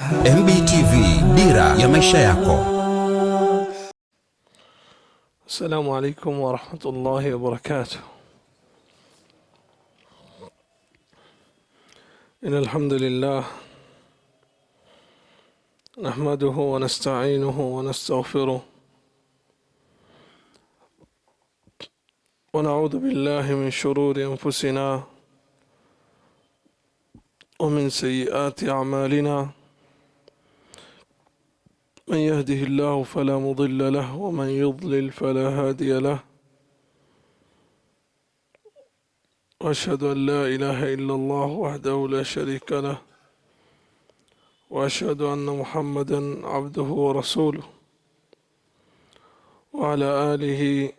MBTV dira ya maisha yako. Assalamu alaikum wa wabarakatuh. إن الحمد لله نحمده ونستعينه ونستغفره ونعوذ بالله من شرور أنفسنا ومن سيئات أعمالنا من يهده الله فلا مضل له ومن يضلل فلا هادي له واشهد ان لا اله الا الله وحده لا شريك له واشهد ان محمدا عبده ورسوله وعلى اله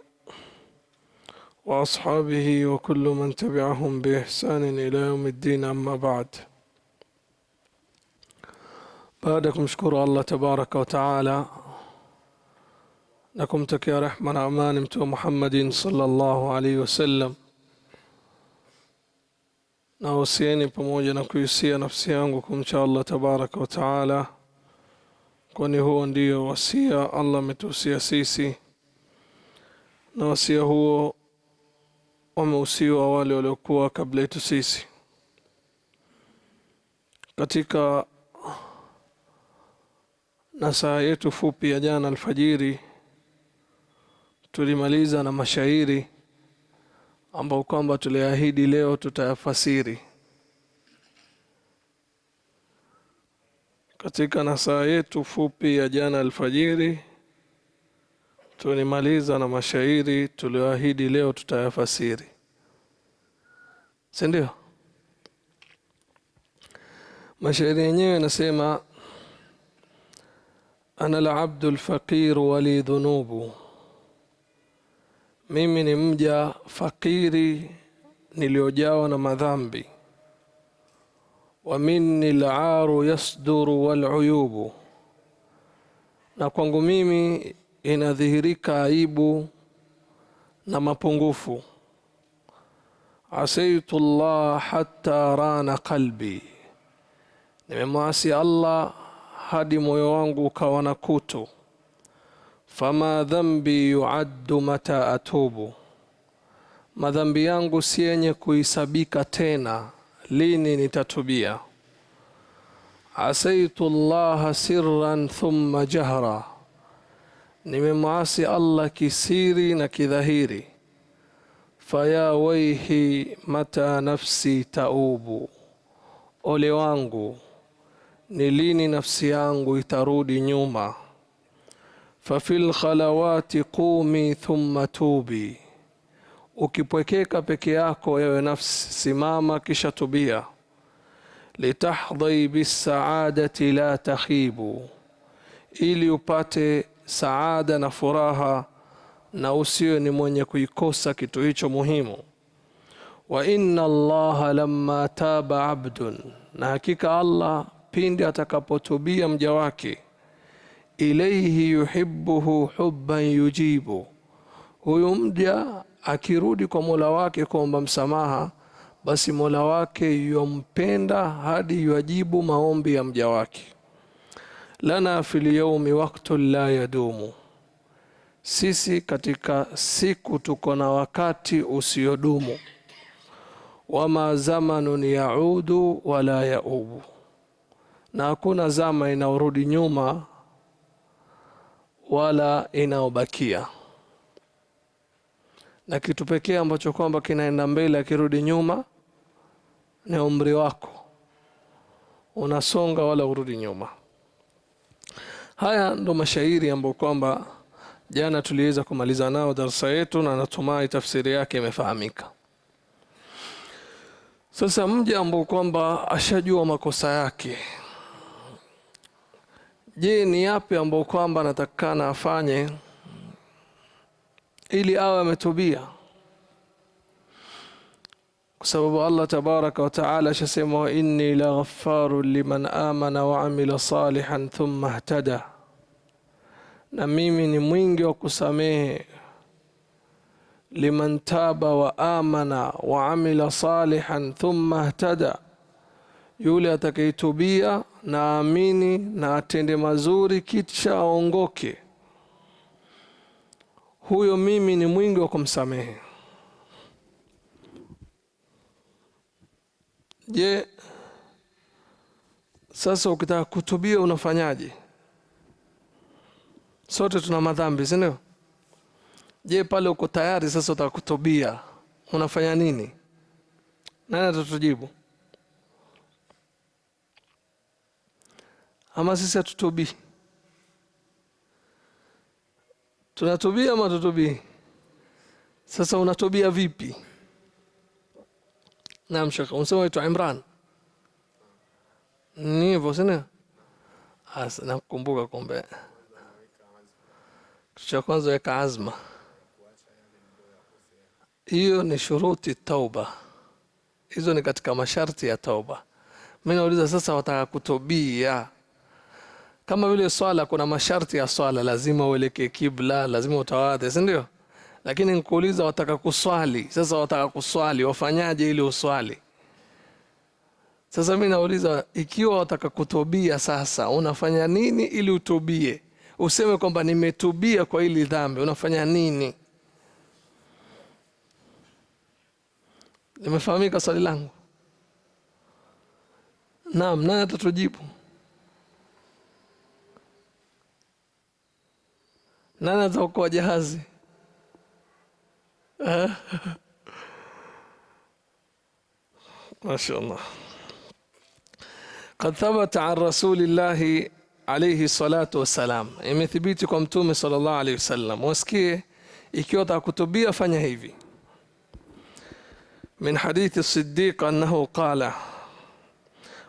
واصحابه وكل من تبعهم باحسان الى يوم الدين اما بعد Baada ya kumshukuru Allah tabaraka wa taala na kumtakia rehma na amani Mtume Muhammadin sallallahu alaihi wasallam, na husieni pamoja na kuhusia nafsi yangu kumcha Allah tabaraka wa taala, kwani huo ndio wasia Allah ametuhusia sisi, na wasia huo wameusiwa wale waliokuwa kabla yetu sisi katika na saa yetu fupi ya jana alfajiri tulimaliza na mashairi ambao kwamba tuliahidi leo tutayafasiri. Katika saa yetu fupi ya jana alfajiri tulimaliza na mashairi tulioahidi leo tutayafasiri, si ndio? Mashairi yenyewe yanasema ana alabdu lfaqiru wali dhunubu, mimi ni mja fakiri niliyojawa na madhambi. Wa minni laru yasduru waluyubu, na kwangu mimi inadhihirika aibu na mapungufu. Asaitu llah hata rana qalbi, nimemwasi Allah hadi moyo wangu ukawa na kutu. Fama dhambi yuaddu mata atubu, madhambi yangu si yenye kuhisabika tena, lini nitatubia. Asaitu llaha sirran thumma jahra, nimemwasi Allah kisiri na kidhahiri. Faya waihi mata nafsi taubu, ole wangu ni lini nafsi yangu itarudi nyuma? fafil khalawati qumi thumma tubi, ukipwekeka peke yako yawe nafsi, simama kisha tubia. litahdhi bisaadati la takhibu, ili upate saada na furaha na usiwe ni mwenye kuikosa kitu hicho muhimu. Wa inna allaha lamma taba abdun, na hakika Allah pindi atakapotubia mja wake, ilaihi yuhibbuhu hubban yujibu, huyu mja akirudi kwa mola wake kuomba msamaha, basi mola wake yompenda hadi yajibu maombi ya mja wake. Lana fil yawmi waktun la yadumu, sisi katika siku tuko na wakati usiodumu. Wama zamanun yaudu wala yaubu na hakuna zama inaorudi nyuma wala inaobakia, na kitu pekee ambacho kwamba kinaenda mbele akirudi nyuma ni umri wako, unasonga wala urudi nyuma. Haya ndo mashairi ambayo kwamba jana tuliweza kumaliza nao darsa yetu, na natumai tafsiri yake imefahamika. Sasa mja ambao kwamba ashajua makosa yake je, ni yapi ambayo kwamba anatakikana afanye ili awe ametubia, kwa sababu Allah tabaraka wa taala ashasema, wa inni la ghafaru liman amana wa amila salihan thumma ihtada, na mimi ni mwingi wa kusamehe liman taba wa amana wa amila salihan thumma ihtada yule atakaitubia na amini na atende mazuri kisha aongoke, huyo mimi ni mwingi wa kumsamehe. Je, sasa ukitaka kutubia unafanyaje? Sote tuna madhambi, sindio Je, pale uko tayari sasa utakutubia, unafanya nini? Nani atatujibu? ama sisi hatutubii? Tunatubii ama tutubii? Sasa unatubia vipi? Naam, shekh, unasema waitwa Imran ni hivyo, sina nakumbuka. Kumbe kitu cha kwanza weka azma, hiyo ni shuruti tauba, hizo ni katika masharti ya tauba. Mi nauliza sasa, wataka kutubia kama vile swala, kuna masharti ya swala, lazima uelekee kibla, lazima utawadhe, si ndio? Lakini nikuuliza, wataka kuswali sasa, wataka kuswali wafanyaje ili uswali? Sasa mi nauliza, ikiwa wataka kutubia sasa, unafanya nini ili utubie? Useme kwamba nimetubia kwa hili dhambi, unafanya nini? Limefahamika swali langu? Naam, nani atatujibu? Nani ataokoa jahazi eh? Mashallah. Qad thabata an rasulillahi alayhi salatu wassalam, imethibiti kwa Mtume sallallahu alayhi wasallam. Wasikie ikiwa utakutubia fanya hivi. Min hadithi Siddiq annahu qala,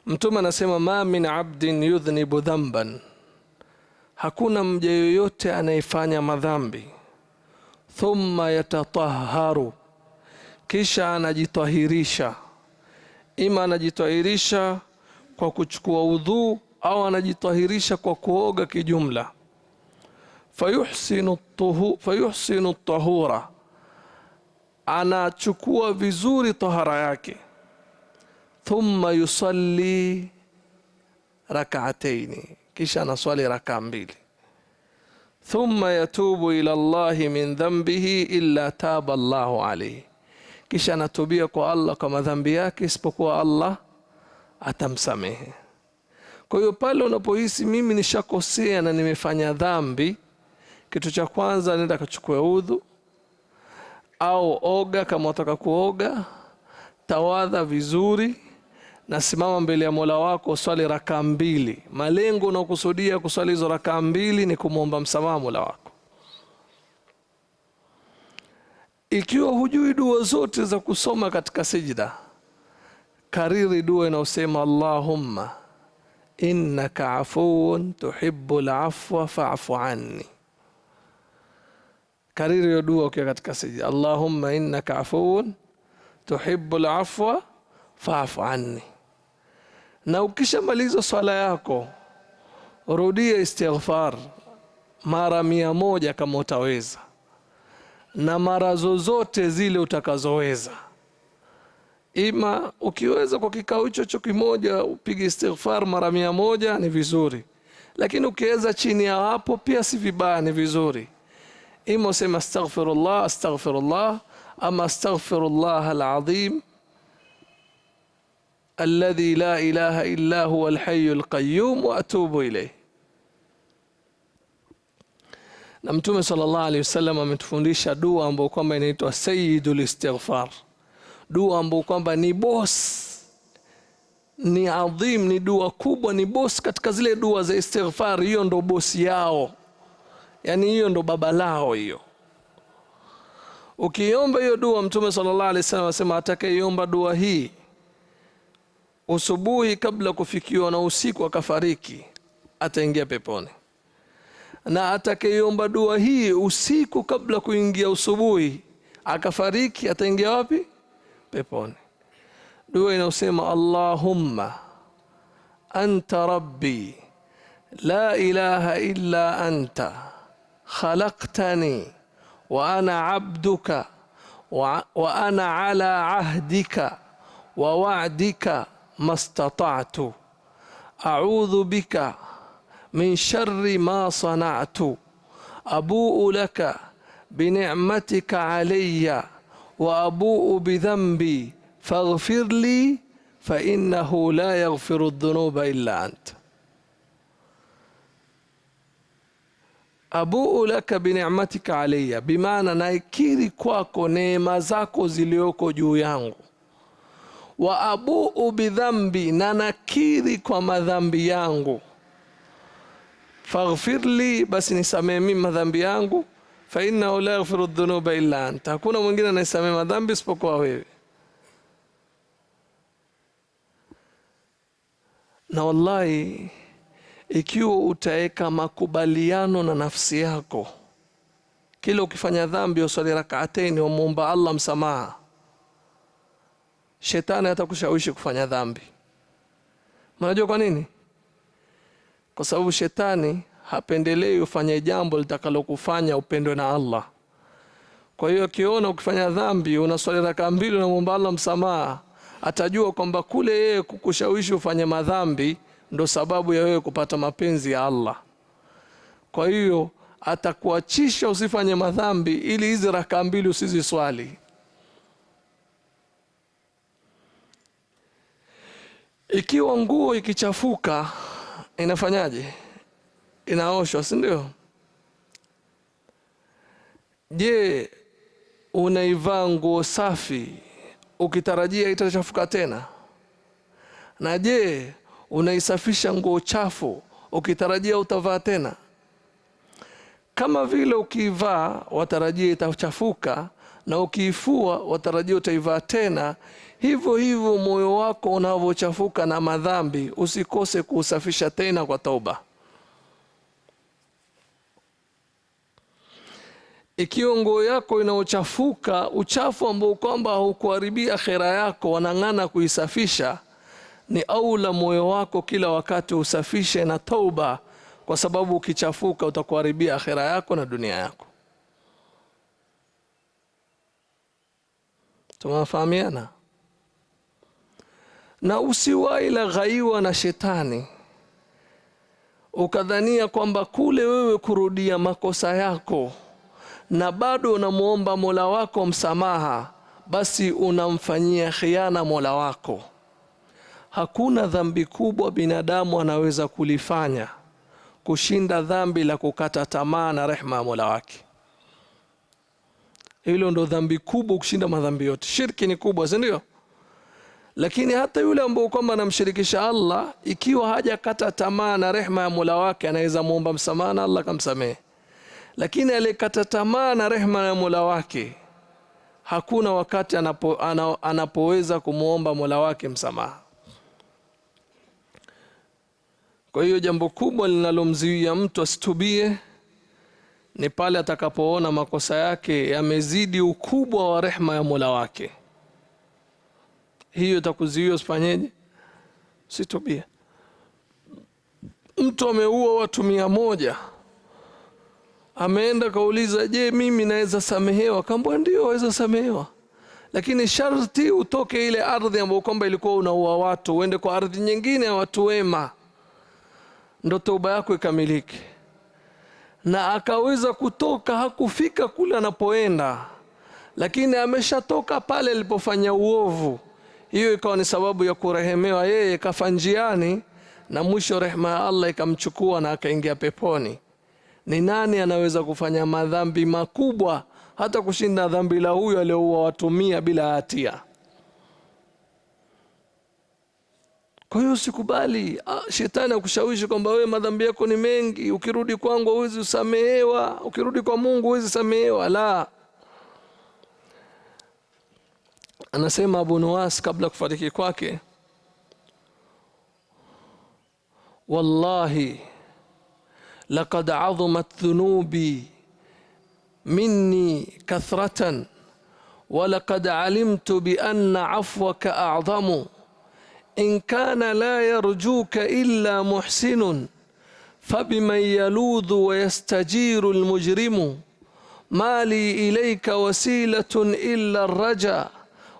Mtume anasema ma min abdin yudhnibu dhanban hakuna mja yoyote anayefanya madhambi thumma yatataharu, kisha anajitahirisha. Ima anajitahirisha kwa kuchukua udhu au anajitahirisha kwa kuoga kijumla. Fayuhsinu tuhu, fayuhsinu tahura, anachukua vizuri tahara yake. Thumma yusalli rakaataini kisha anaswali rakaa mbili. Thumma yatubu ila llahi min dhambihi illa taba llahu alaihi, kisha anatubia kwa Allah kwa madhambi yake isipokuwa Allah atamsamehe. Kwa hiyo pale unapohisi mimi nishakosea na nimefanya dhambi, kitu cha kwanza nenda kachukue udhu au oga kama wataka kuoga, tawadha vizuri nasimama mbele ya Mola wako uswali rakaa mbili, malengo unaokusudia kuswali hizo rakaa mbili ni kumwomba msamaha Mola wako. Ikiwa hujui dua zote za kusoma katika sijda, kariri dua inayosema Allahumma innaka afuun tuhibbu lafwa fa'fu anni. Kariri hiyo dua ukiwa katika sijida Allahumma innaka afuun tuhibbu lafwa fa'fu anni. Na ukishamaliza swala yako rudia istighfar mara mia moja kama utaweza, na mara zozote zile utakazoweza. Ima ukiweza kwa kikao hicho cho kimoja upige istighfar mara mia moja ni vizuri, lakini ukiweza chini ya hapo pia si vibaya, ni vizuri. Ima usema astaghfirullah astaghfirullah, ama astaghfirullah alazim alladhi la ilaha illa huwa alhayyul qayyum wa atubu ilayh. Na Mtume sallallahu alaihi wasallam ametufundisha dua ambayo kwamba inaitwa sayyidul istighfar, dua ambayo kwamba ni boss ni adhim, ni dua kubwa, ni bosi katika zile dua za istighfar. Hiyo ndo bosi yao, yani hiyo ndo baba lao. Hiyo ukiomba hiyo dua, Mtume sallallahu alaihi wasallam asema, atakaiomba dua hii usubuhi kabla kufikiwa na usiku akafariki, ataingia peponi. Na atakayeomba dua hii usiku kabla kuingia usubuhi akafariki, ataingia wapi? Peponi. Dua inayosema Allahumma anta rabbi la ilaha illa anta khalaqtani wa ana abduka wa ana ala ahdika wa wa'dika ما استطعت أعوذ بك من شر ما صنعت أبوء لك بنعمتك علي وأبوء بذنبي فاغفر لي فإنه لا يغفر الذنوب إلا أنت ابوء لك بنعمتك علي بمعنى نايكيري كواكو neema زاكو ziliyoko juu yangu. wa abuu bidhambi, na nakiri kwa madhambi yangu. li basi nisamehe mimi madhambi yangu. Fa innahu la yaghfiru dhunuba illa anta, hakuna mwingine anayesamehe madhambi isipokuwa wewe. Na wallahi ikiwa utaweka makubaliano na nafsi yako, kila ukifanya dhambi uswali rakaataini, wamwomba Allah msamaha shetani hatakushawishi kufanya dhambi. Mnajua kwa nini? Kwa sababu shetani hapendelei ufanye jambo litakalokufanya upendwe na Allah. Kwa hiyo akiona ukifanya dhambi, unaswali raka mbili, unamwomba Allah msamaha, atajua kwamba kule yeye kukushawishi ufanye madhambi ndo sababu ya wewe kupata mapenzi ya Allah. Kwa hiyo atakuachisha usifanye madhambi ili hizi raka mbili usiziswali. Ikiwa nguo ikichafuka inafanyaje? Inaoshwa, si ndio? Je, unaivaa nguo safi ukitarajia itachafuka tena? Na je, unaisafisha nguo chafu ukitarajia utavaa tena? Kama vile ukiivaa watarajia itachafuka, na ukiifua watarajia utaivaa tena. Hivyo hivyo moyo wako unavyochafuka na madhambi, usikose kuusafisha tena kwa toba. Ikiwa nguo yako inaochafuka uchafu ambao kwamba haukuharibia akhera yako, wanang'ana kuisafisha, ni aula moyo wako kila wakati usafishe na toba, kwa sababu ukichafuka utakuharibia akhera yako na dunia yako. Tunafahamiana? Na usiwahi laghaiwa na shetani ukadhania kwamba kule wewe kurudia makosa yako na bado unamwomba Mola wako msamaha, basi unamfanyia khiana Mola wako. Hakuna dhambi kubwa binadamu anaweza kulifanya kushinda dhambi la kukata tamaa na rehma ya Mola wake. Hilo ndo dhambi kubwa kushinda madhambi yote. Shirki ni kubwa, si ndio? Lakini hata yule ambaye kwamba anamshirikisha Allah, ikiwa hajakata tamaa na rehma ya Mola wake, anaweza muomba msamaha na Allah kamsamehe. Lakini aliyekata tamaa na rehma ya Mola wake, hakuna wakati anapo, anapoweza kumwomba Mola wake msamaha. Kwa hiyo jambo kubwa linalomzuia mtu asitubie ni pale atakapoona makosa yake yamezidi ukubwa wa rehma ya Mola wake. Hiyo itakuzuia usifanyeje? usitubie Mtu ameua watu mia moja, ameenda kauliza, je, mimi naweza samehewa? kambwa ndio waweza samehewa, lakini sharti utoke ile ardhi ambayo kwamba ilikuwa unaua watu, uende kwa ardhi nyingine ya watu wema, ndo tauba yako ikamilike na akaweza kutoka, hakufika kule anapoenda, lakini ameshatoka pale alipofanya uovu. Hiyo ikawa ni sababu ya kurehemewa yeye, kafa njiani, na mwisho rehema ya Allah ikamchukua na akaingia peponi. Ni nani anaweza kufanya madhambi makubwa hata kushinda dhambi la huyo aliyoua watu mia bila hatia? Kwa hiyo usikubali ah, shetani akushawishi kwamba wewe madhambi yako ni mengi, ukirudi kwangu huwezi usamehewa, ukirudi kwa Mungu huwezi samehewa. La, anasema Abu Nuwas kabla kufariki kwake, wallahi laqad adhumat dhunubi minni kathratan walaqad alimtu bianna afwaka a'dhamu in kana la yarjuka illa muhsinun fabiman yaludhu wayastajiru lmujrimu mali ilaika wasilatun illa raja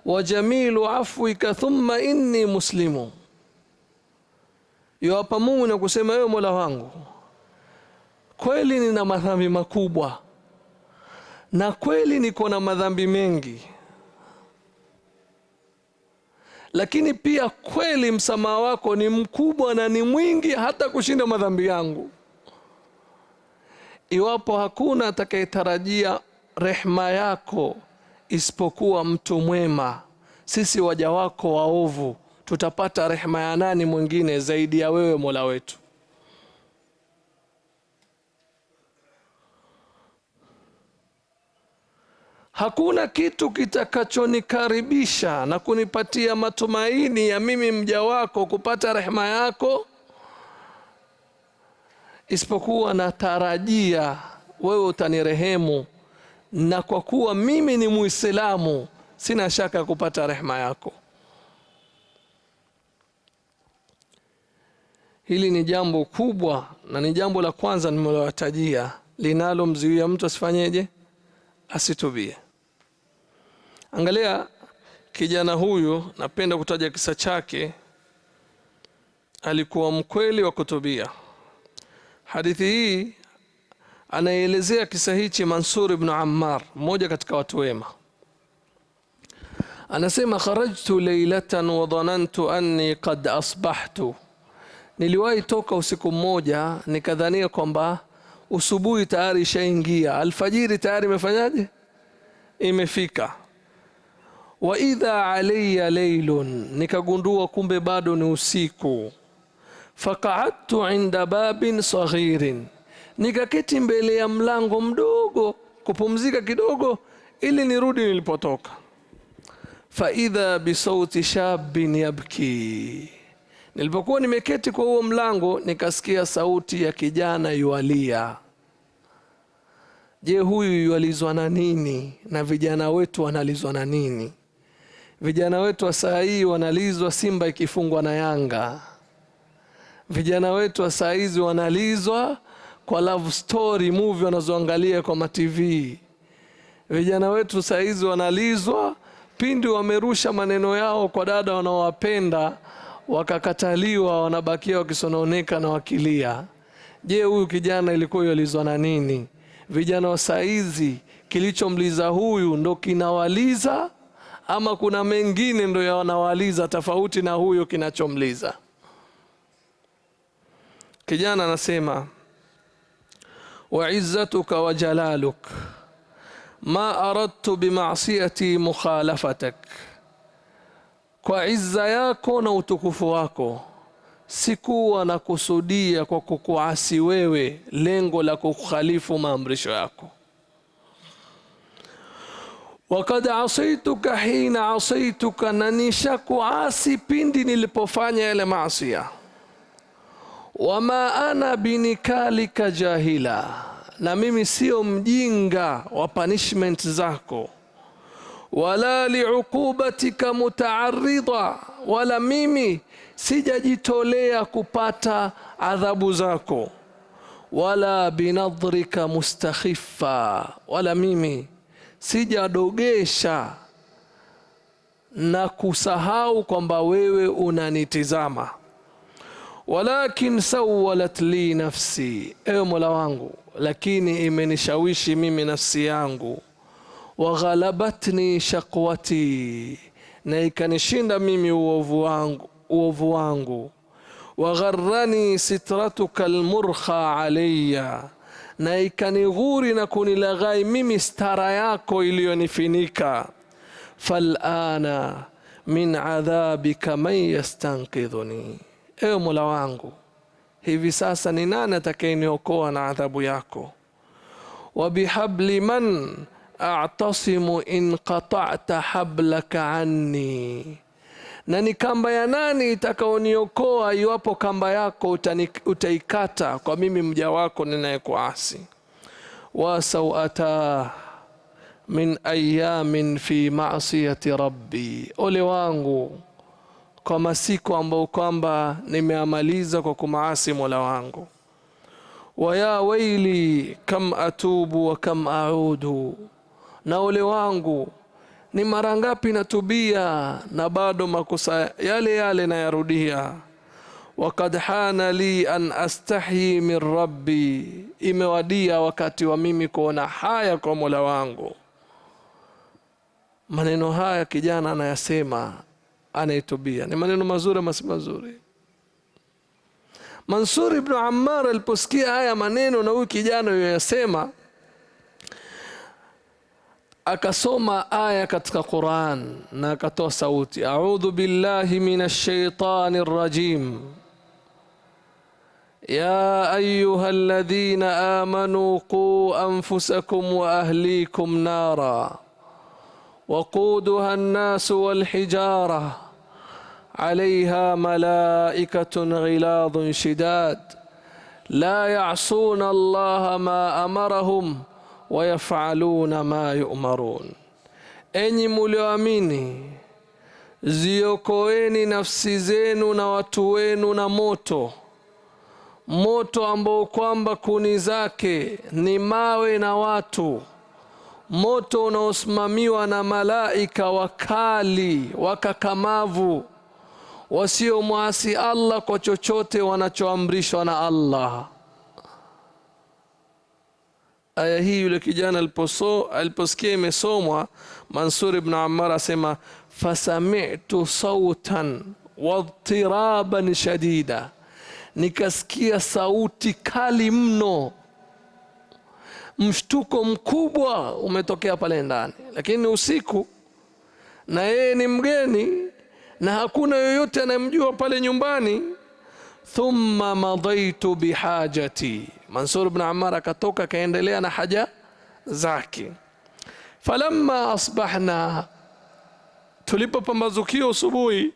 wa jamilu afwika thumma inni muslimu. Yoapa Mungu na kusema, ewe Mola wangu, kweli nina madhambi makubwa na kweli niko na madhambi mengi lakini pia kweli msamaha wako ni mkubwa na ni mwingi hata kushinda madhambi yangu. Iwapo hakuna atakayetarajia rehma yako isipokuwa mtu mwema, sisi waja wako waovu tutapata rehma ya nani mwingine zaidi ya wewe Mola wetu? Hakuna kitu kitakachonikaribisha na kunipatia matumaini ya mimi mja wako kupata rehema yako isipokuwa natarajia wewe utanirehemu, na kwa kuwa mimi ni Muislamu sina shaka ya kupata rehema yako. Hili ni jambo kubwa na ni jambo la kwanza nimelowatajia linalomzuia mtu asifanyeje? Asitubie. Angalia kijana huyu, napenda kutaja kisa chake. Alikuwa mkweli wa kutubia. Hadithi hii anaelezea kisa hichi Mansur ibn Ammar, mmoja katika watu wema, anasema kharajtu leilatan wa dhanantu anni qad asbahtu, niliwahi toka usiku mmoja nikadhania kwamba usubuhi tayari ishaingia, alfajiri tayari imefanyaje, imefika wa idha alayya laylun, nikagundua kumbe bado ni usiku. Faqa'adtu inda babin saghirin, nikaketi mbele ya mlango mdogo kupumzika kidogo ili nirudi nilipotoka. Faidha bisauti shabin yabki, nilipokuwa nimeketi kwa huo mlango nikasikia sauti ya kijana yualia. Je, huyu yualizwa na nini? Na vijana wetu wanalizwa na nini? Vijana wetu wa saa hii wanalizwa Simba ikifungwa na Yanga. Vijana wetu wa saa hizi wanalizwa kwa love story movie wanazoangalia kwa mativi. Vijana wetu saa hizi wanalizwa pindi wamerusha maneno yao kwa dada wanaowapenda wakakataliwa, wanabakia wakisononeka na wakilia. Je, huyu kijana ilikuwa yalizwa na nini? Vijana wa saa hizi kilichomliza huyu ndo kinawaliza ama kuna mengine ndo yanawaliza tofauti na huyo kinachomliza. Kijana anasema wa izzatuka wa jalaluk ma aradtu bimasiyati mukhalafatak, kwa izza yako na utukufu wako sikuwa na kusudia kwa kukuasi wewe, lengo la kukhalifu maamrisho yako. Wakad asaituka hina asaituka, na nishakuasi pindi nilipofanya yale maasia. Wama ana binikalika jahila, na mimi sio mjinga wa punishment zako. Wala liuqubatika mutaaridha, wala mimi sijajitolea kupata adhabu zako. Wala binadhrika mustakhifa, wala mimi sijadogesha na kusahau kwamba wewe unanitizama. Walakin sawalat li nafsi, ewe Mola wangu, lakini imenishawishi mimi nafsi yangu. Waghalabatni shakwati, na ikanishinda mimi uovu wangu, uovu wangu. Wagharrani sitratuka almurkha alayya na ikanighuri na kunilaghai mimi stara yako iliyonifinika falana min adhabika man yastankidhuni, ewe Mola wangu, hivi sasa ni nani atakayeniokoa na adhabu yako? wa bihabli man atasimu in qata'ta hablaka anni na ni kamba ya nani itakaoniokoa iwapo kamba yako utaikata kwa mimi mja wako ninayekuasi. wa sawata min ayamin fi maasiyati rabbi, ole wangu kwa masiku ambayo kwamba nimeamaliza kwa kumaasi mola wangu. wa ya waili kam atubu wa kam audu, na ole wangu ni mara ngapi natubia na bado makosa yale yale nayarudia? Wakad hana li an astahyi min rabbi, imewadia wakati wa mimi kuona haya kwa mola wangu. Maneno haya kijana anayasema, anaitubia. Ni maneno mazuri masi mazuri? Mansur ibn Ammar aliposikia haya maneno na huyu kijana yoyasema akasoma aya katika quran na akatoa أعوذ بالله من الشيطان الرجيم يا أيها الذين آمنوا قوا أنفسكم وأهليكم نارا وقودها الناس والحجارة عليها ملائكة غلاظ شداد لا يعصون الله ما أمرهم wayafaluna ma yumarun, enyi mulioamini, ziokoeni nafsi zenu na watu wenu na moto, moto ambao kwamba kuni zake ni mawe na watu, moto unaosimamiwa na malaika wakali wakakamavu, wasiomwasi Allah kwa chochote wanachoamrishwa na Allah aya hii, yule kijana aliposo aliposikia imesomwa, Mansur ibn Ammar asema fasami'tu sautan wadtiraban shadida, nikasikia sauti kali mno, mshtuko mkubwa umetokea pale ndani, lakini usiku na yeye ni mgeni na hakuna yoyote anayemjua pale nyumbani. Thumma madaitu bihajati Mansur bin Ammar akatoka akaendelea na haja zake. Falamma asbahna, tulipopambazukia asubuhi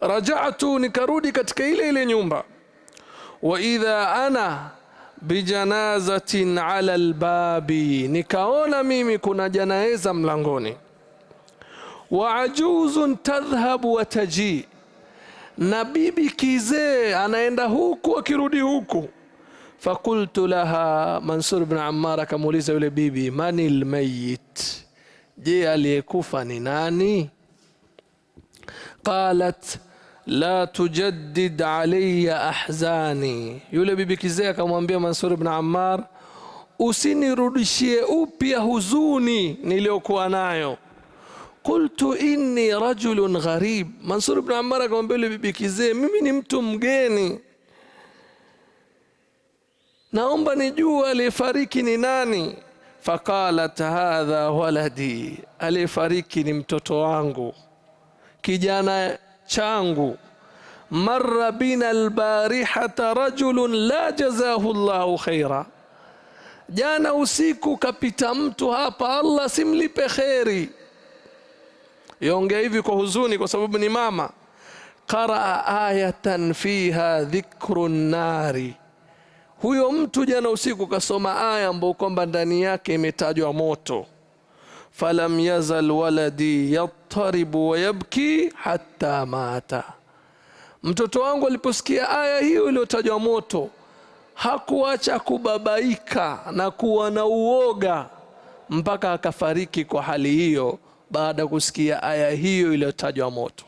raja'tu, nikarudi katika ile ile nyumba. Wa idha ana bijanazatin ala albabi, nikaona mimi kuna janaeza mlangoni. Wa ajuzun tadhhabu wa taji, na bibi kizee anaenda huku akirudi huku Fakultu laha, Mansur bin Ammar akamuuliza yule bibi, mani lmayit, je, aliyekufa ni nani? Qalat la tujaddid alayya ahzani, yule bibi kizee akamwambia Mansur bin Ammar, usinirudishie upya huzuni niliyokuwa nayo. Qultu inni rajulun gharib, Mansur bin Ammar akamwambia yule bibi kizee, mimi ni mtu mgeni naomba nijua aliyefariki ni nani? Faqalat hadha waladi, aliyefariki ni mtoto wangu, kijana changu. Marra bina albarihata rajulun la jazahu llahu khaira, jana usiku kapita mtu hapa, Allah simlipe kheri. Yongea hivi kwa huzuni, kwa sababu ni mama. Qaraa ayatan fiha dhikru nnari huyo mtu jana usiku kasoma aya ambayo kwamba ndani yake imetajwa moto, falam yazal waladi yattaribu wayabki hatta mata. Mtoto wangu aliposikia aya hiyo iliyotajwa moto, hakuacha kubabaika na kuwa na uoga mpaka akafariki kwa hali hiyo, baada ya kusikia aya hiyo iliyotajwa moto.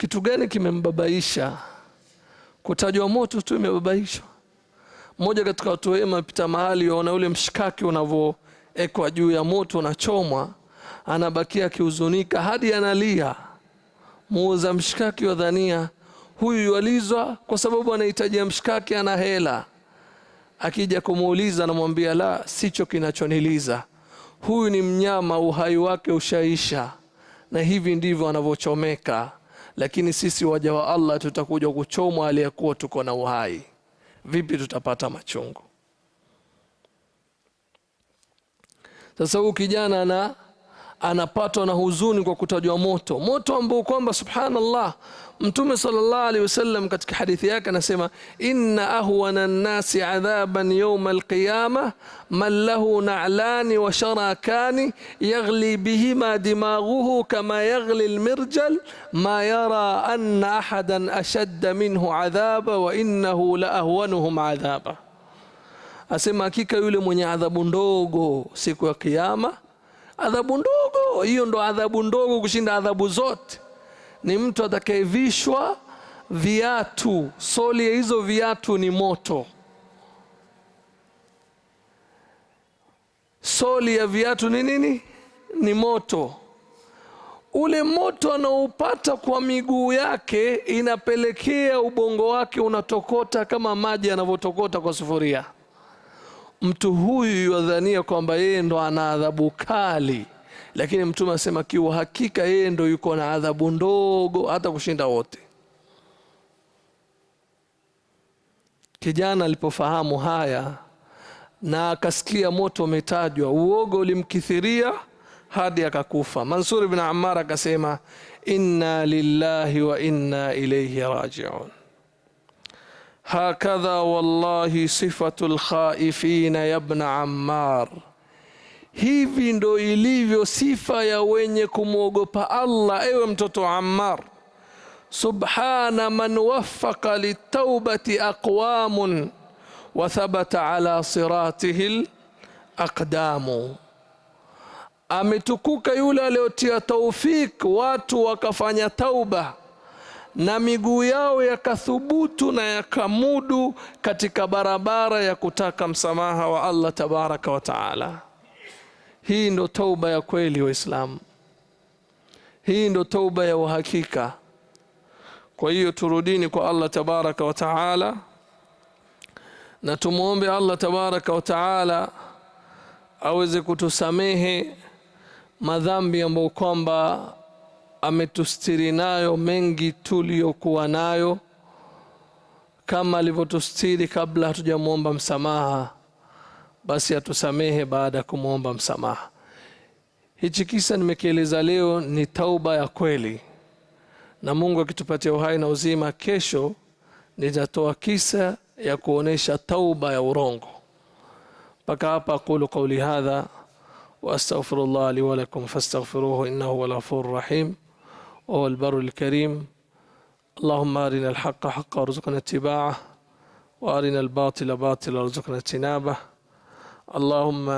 Kitu gani kimembabaisha? Kutajwa moto tu imebabaishwa. Mmoja katika watu wema pita mahali, waona ule mshikaki unavyoekwa juu ya moto unachomwa, anabakia akihuzunika hadi analia. Muuza mshikaki wa dhania huyu yualizwa kwa sababu anahitaji mshikaki, ana hela. Akija kumuuliza anamwambia, la, sicho kinachoniliza. Huyu ni mnyama, uhai wake ushaisha, na hivi ndivyo anavyochomeka lakini sisi waja wa Allah tutakuja kuchomwa aliyekuwa tuko na uhai. Vipi tutapata machungu? Sasa huyu kijana na anapatwa na huzuni kwa kutajwa moto, moto ambao kwamba subhanallah, Mtume sallallahu alaihi wasallam katika hadithi yake anasema inna ahwana nnasi adhaban yauma alqiyama man lahu na'lani wa sharakani yaghli bihima dimaghuhu kama yaghli almirjal ma yara anna ahadan ashadda minhu adhaba wa innahu la ahwanuhum adhaba, asema hakika yule mwenye adhabu ndogo siku ya kiyama Adhabu ndogo hiyo, ndo adhabu ndogo kushinda adhabu zote. Ni mtu atakayevishwa viatu, soli ya hizo viatu ni moto. Soli ya viatu ni nini? Ni moto. Ule moto anaoupata kwa miguu yake inapelekea ubongo wake unatokota kama maji yanavyotokota kwa sufuria mtu huyu yadhania kwamba yeye ndo ana adhabu kali, lakini Mtume asema hakika yeye ndo yuko na adhabu ndogo hata kushinda wote. Kijana alipofahamu haya na akasikia moto umetajwa, uoga ulimkithiria hadi akakufa. Mansur bn Ammar akasema, inna lillahi wa inna ilaihi rajiun. Hakadha wallahi sifatu lkhaifina yabna Ammar, hivi ndo ilivyo sifa ya wenye kumwogopa Allah, ewe mtoto Ammar. Subhana man waffaka litaubati aqwamun wa thabata ala siratihi laqdamu, ametukuka yule aliyotia taufik watu wakafanya tauba na miguu yao yakathubutu na yakamudu katika barabara ya kutaka msamaha wa Allah tabaraka wa taala. Hii ndo tauba ya kweli Waislamu, hii ndo tauba ya uhakika. Kwa hiyo turudini kwa Allah tabaraka wa taala na tumwombe Allah tabaraka wa taala aweze kutusamehe madhambi ambayo kwamba ametustiri nayo mengi tuliyokuwa nayo, kama alivyotustiri kabla hatujamwomba msamaha, basi atusamehe baada ya kumwomba msamaha. Hichi kisa nimekieleza leo ni tauba ya kweli, na Mungu akitupatia uhai na uzima, kesho nitatoa kisa ya kuonesha tauba ya urongo. Mpaka hapa aqulu qauli hadha wa astaghfirullah li wa lakum fastaghfiruhu innahu huwal ghafurur rahim. وهو البر الكريم اللهم أرنا الحق حقا وارزقنا اتباعه وأرنا الباطل باطلا وارزقنا اجتنابه اللهم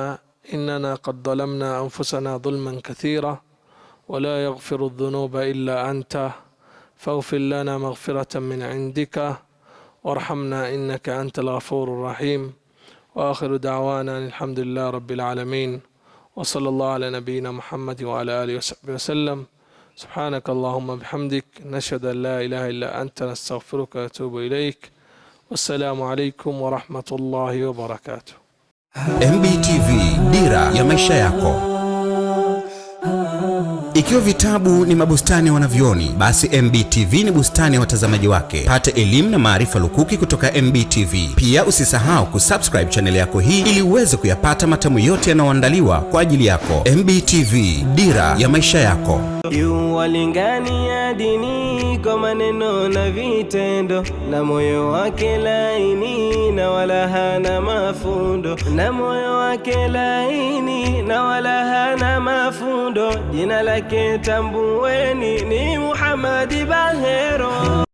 إننا قد ظلمنا أنفسنا ظلما كثيرا ولا يغفر الذنوب إلا أنت فاغفر لنا مغفرة من عندك وارحمنا إنك أنت الغفور الرحيم وآخر دعوانا الحمد لله رب العالمين وصلى الله على نبينا محمد وعلى آله وصحبه وسلم سبحانك اللهم بحمدك نشهد أن لا إله إلا أنت نستغفرك ونتوب إليك والسلام عليكم ورحمة الله وبركاته MBTV Dira يا Maisha Yako. Ikiwa vitabu ni mabustani ya wanavyoni, basi MBTV ni bustani ya watazamaji wake. Pata elimu na maarifa lukuki kutoka MBTV. Pia usisahau kusubscribe chaneli yako hii ili uweze kuyapata matamu yote yanayoandaliwa kwa ajili yako. MBTV, dira ya maisha yako. Yuwalingania dini kwa maneno na vitendo, na moyo wake laini na wala hana mafundo, na moyo wake laini na wala hana mafundo, jina lake yake, tambueni ni Muhammad Bahero.